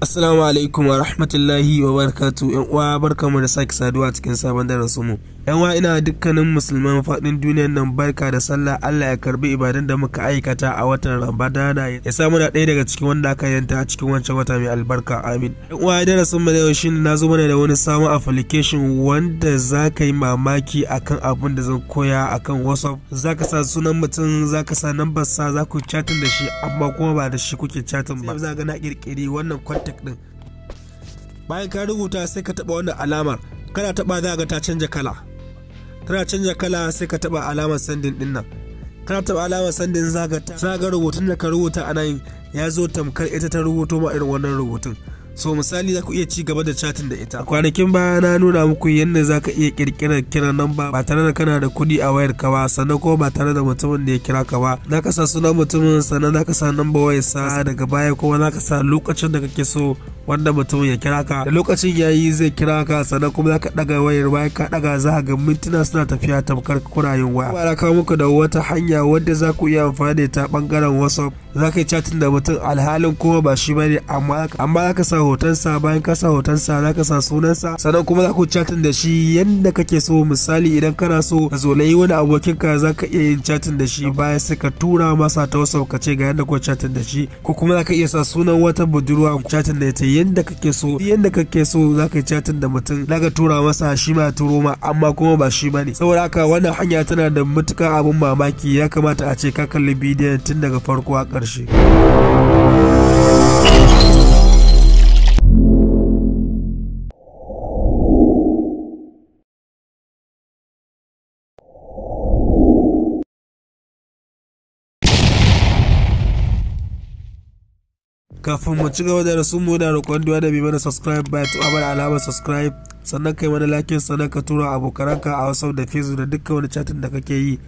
Assalamu alaikum wa rahmatullahi wa barakatu ‘yan uwa barkamu da sake saduwa cikin sabon darasin mu. yan wa ina dukkanin musulman faɗin duniyar nan barka da sallah Allah ya karbi ibadan da muka aikata a watan Ramadana ya samu na ɗaya daga cikin wanda aka yanta a cikin wancan wata mai albarka amin yan idan darasin mu da yau shine na zo mana da wani sabon application wanda za ka yi mamaki akan abin da zan koya akan WhatsApp za ka sa sunan mutum za ka sa number sa za ku chatting da shi amma kuma ba da shi kuke chatting ba za ga na kirkiri wannan contact din bayan ka rubuta sai ka taba wannan alamar kana taba za ga ta canja kala kana canja kala sai ka taba alamar sandin din nan kana taba alamar sandin zaga zaga rubutun da ka rubuta a nan ya zo tamkar ita ta rubuto ma irin wannan rubutun so misali za ku iya ci gaba da chatin da ita kwanakin baya na nuna muku yadda za ka iya kirkirar kiran namba ba tare da kana da kuɗi a wayar ka ba sannan ko ba tare da mutumin da ya kira ka ba za ka sa sunan mutumin sannan za ka sa namba wayar sa daga baya kuma za ka sa lokacin da kake so wanda mutum ya kira ka da lokacin ya yi zai kira ka sannan kuma zaka daga wayar bayan ka daga za ga mintuna suna tafiya tamkar kurayen waya ba kawo muku da wata hanya wadda za ku iya amfani da ta bangaren whatsapp za ka yi chatin da mutum alhalin kuma ba shi bane amma amma za ka sa hotonsa bayan ka sa hotonsa za ka sa sunansa sannan kuma za ku chatin da shi yadda kake so misali idan kana so ka zolayi wani abokinka za ka iya yin chatin da shi bayan sai ka tura masa ta whatsapp ka ce ga yadda ko chatin da shi ko kuma za ka iya sa sunan wata budurwa chatin da ta yi yanda kake so yanda kake so zaka chatin da mutum zaka tura masa shi ma turo ma amma kuma ba shi ne saboda haka wannan hanya tana da matuka abin mamaki ya kamata a ce ka kalli bidiyon tun daga farko a ƙarshe kafin mu ci gaba da rasu mu da roƙon duwa da bi mana subscribe ba tuwa abar alamar subscribe sannan kai mana lakin sannan ka tura abokananka a wasu da facebook da dukkan wani chatin da kake yi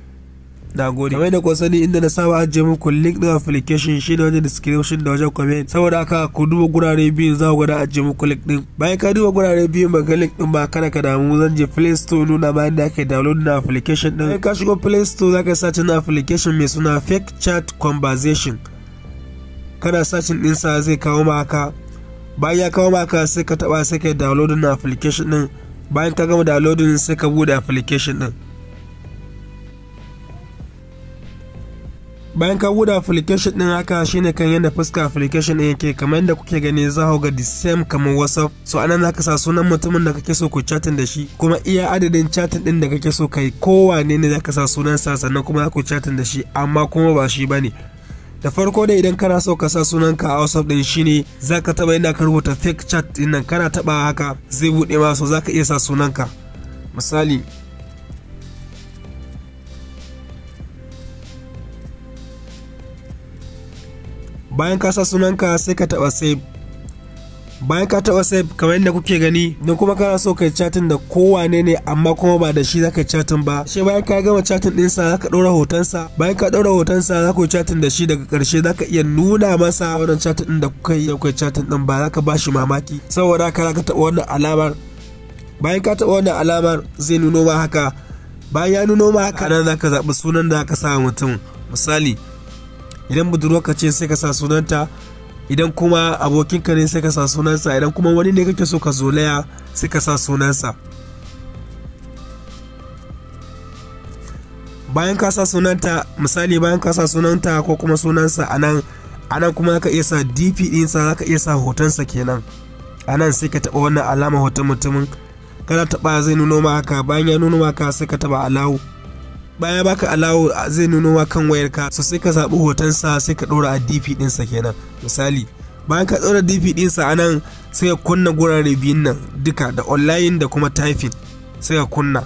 na gode kamar da kun sani inda na saba an je muku link na application shi da wajen description da wajen comment saboda haka ku duba gurare biyu za ku gwada an je muku link din bayan ka duba gurare biyu ba ga link din ba kana ka damu zan je play store nuna bayan da ake download na application din ka shigo play store za ka sace na application mai suna fake chat conversation kana sacin dinsa zai kawo maka bayan ya kawo maka sai ka taba sai ka na application din bayan ka gama downloading sai ka bude application din bayan ka bude application din haka shine kan yadda fuska application din yake kamar yanda kuke gani za ku ga the same kamar whatsapp so anan zaka sa sunan mutumin da kake so ku chatting da shi kuma iya adadin chatting din da kake so kai kowa ne zaka sa sunan sa sannan kuma za ku chatting da shi amma kuma ba shi bane da farko dai idan kana so ka sa ka a whatsapp din shine zaka taba ina ka rubuta fake chat din nan kana taba haka zai bude ma so zaka iya sa sunan ka misali bayan ka sa ka sai ka taba save bayan ka taɓa sai kamar yadda kuke gani don kuma kana so kai chatin da kowane ne amma kuma ba da shi za ka chatin ba shi bayan ka gama chatin ɗinsa za ka ɗora hotonsa bayan ka ɗora hotonsa za ku chatin da shi daga ƙarshe za ka iya nuna masa wannan chatin ɗin da kuka yi da chatin ɗin ba za ka ba shi mamaki saboda haka za ka taɓa wannan alamar bayan ka taɓa wannan alamar zai nuno ma haka bayan ya nuno ma haka nan za ka zaɓi sunan da aka sa mutum misali idan budurwarka ce sai ka sa sunanta idan kuma abokinka ne sai ka sa sunansa idan kuma wani ne kake so ka zolaya sai ka sa sunansa bayan ka sa sunanta misali bayan ka sa sunanta ko kuma sunansa anan anan kuma ka iya sa dp ɗinsa za ka iya sa hotonsa kenan anan sai ka taɓa wannan alama hoton mutumin kana taɓa zai nuno maka bayan ya nuno maka sai ka taɓa alawu baya baka alawo zai nuno ma kan wayarka so sai ka zaɓi hotonsa sai ka ɗora a dp ɗinsa kenan misali bayan ka dora dp ɗinsa a nan sai ka kunna gurare biyun nan duka da online da kuma typing sai ka kunna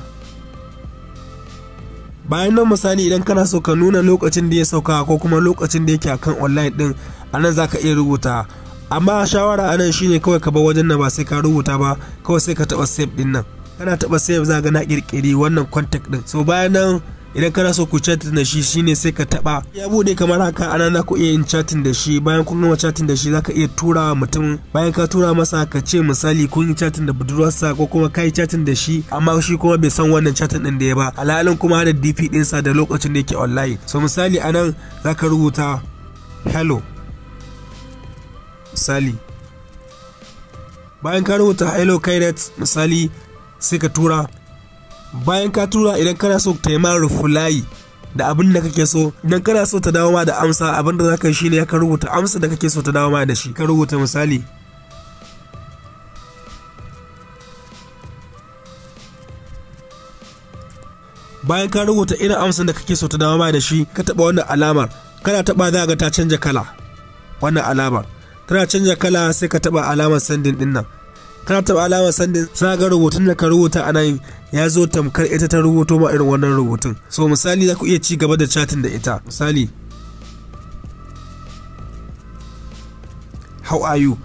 bayan nan misali idan kana so ka nuna lokacin da ya sauka ko kuma lokacin da yake akan online din anan zaka iya rubuta amma shawara anan shine kawai ka bar wajen nan ba sai ka rubuta ba kawai sai ka taba save din nan kana taba save za ga na kirkiri wannan contact din so bayan nan idan kana so ku chat da shi shine sai ka taba ya bude kamar haka anan za ku iya yin chatting da shi bayan kun gama chatting da shi zaka iya tura wa mutum bayan ka tura masa ka ce misali kun yi chatting da budurwarsa ko kuma kai chatting da shi amma shi kuma bai san wannan chatting din da ya ba alhalin kuma da DP sa da lokacin da yake online so misali anan zaka rubuta hello misali bayan ka rubuta hello kairat misali sai ka tura bayan ka tura idan kana so ta yi ma rufulayi da abin da kake so idan kana so ta dawo ma da amsa abin da zaka yi shine ka rubuta amsa da kake so ta dawo ma da shi ka rubuta misali bayan ka rubuta irin amsan da kake so ta dawo ma da shi ka taba wannan alamar kana taba za ga ta canja kala wannan alamar tana canja kala sai ka taba alamar sandin din nan kana taɓa alawa sanda za ga rubutun da ka rubuta a nan ya zo tamkar ita ta rubuto ma irin wannan rubutun so misali za ku iya ci gaba da chatin da ita misali how are you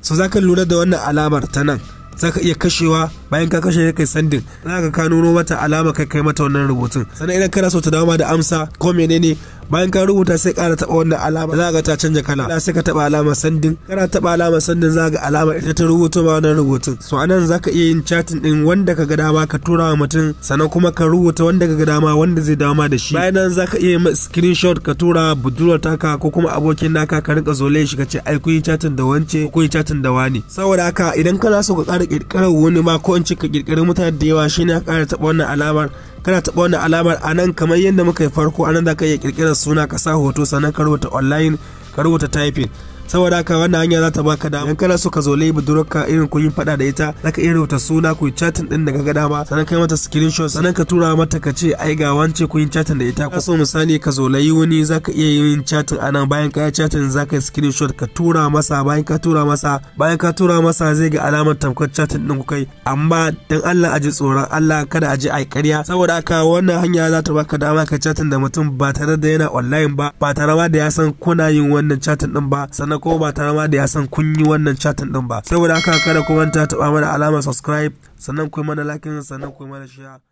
so za ka lura da wannan alamar ta nan za ka iya kashewa bayan ka kashe kai sandin za ka kano mata alama kai kai mata wannan rubutun sannan idan kana so ta dawo ma da amsa ko menene bayan ka rubuta sai ƙara taɓa wannan alama za ga ta canja kala sai ka taɓa alama sandin kana taɓa alamar sandin za ga alama ita ta rubuto ma wannan rubutun so anan za ka iya yin chatting din wanda ka ga dama ka tura wa mutum sannan kuma ka rubuta wanda ka ga dama wanda zai dama da shi bayan nan za ka iya yin screenshot ka tura budurwar taka ko kuma abokin naka ka rinka zole shi ka ce ai kun yi chatting da wance kun yi chatting da wani saboda haka idan kana so ka ƙara ƙirƙirar wani ma ko in ce ka ƙirƙiri mutane da yawa shine ka ƙara taɓa wannan alamar kana taɓa wannan alamar a nan kamar yadda muka yi farko a nan za ka iya ƙirƙirar suna ka sa hoto sannan ka rubuta online ka rubuta typing saboda haka wannan hanya za ta baka dama idan kana so ka zolai budurka irin kun yi fada da ita za ka iya rubuta suna ku yi chatin din ga dama sannan kai mata screenshot sannan ka tura mata ka ce ai ga wance ku yi chatin da ita ko so misali ka zolai wani za ka iya yin chatin anan bayan ka yi za ka yi screenshot ka tura masa bayan ka tura masa bayan ka tura masa zai ga alamar tamkar chatin din ku kai amma dan Allah aji tsoron Allah kada aji ai ƙarya saboda haka wannan hanya za ta baka dama ka chatin da mutum ba tare da yana online ba ba tare ma da ya san kuna yin wannan chatin din ba sannan ko ba ta ma da ya san kun yi wannan chatin din ba saboda haka kada ku manta taɓa mana alamar subscribe sannan ku yi mana like sannan ku yi mana share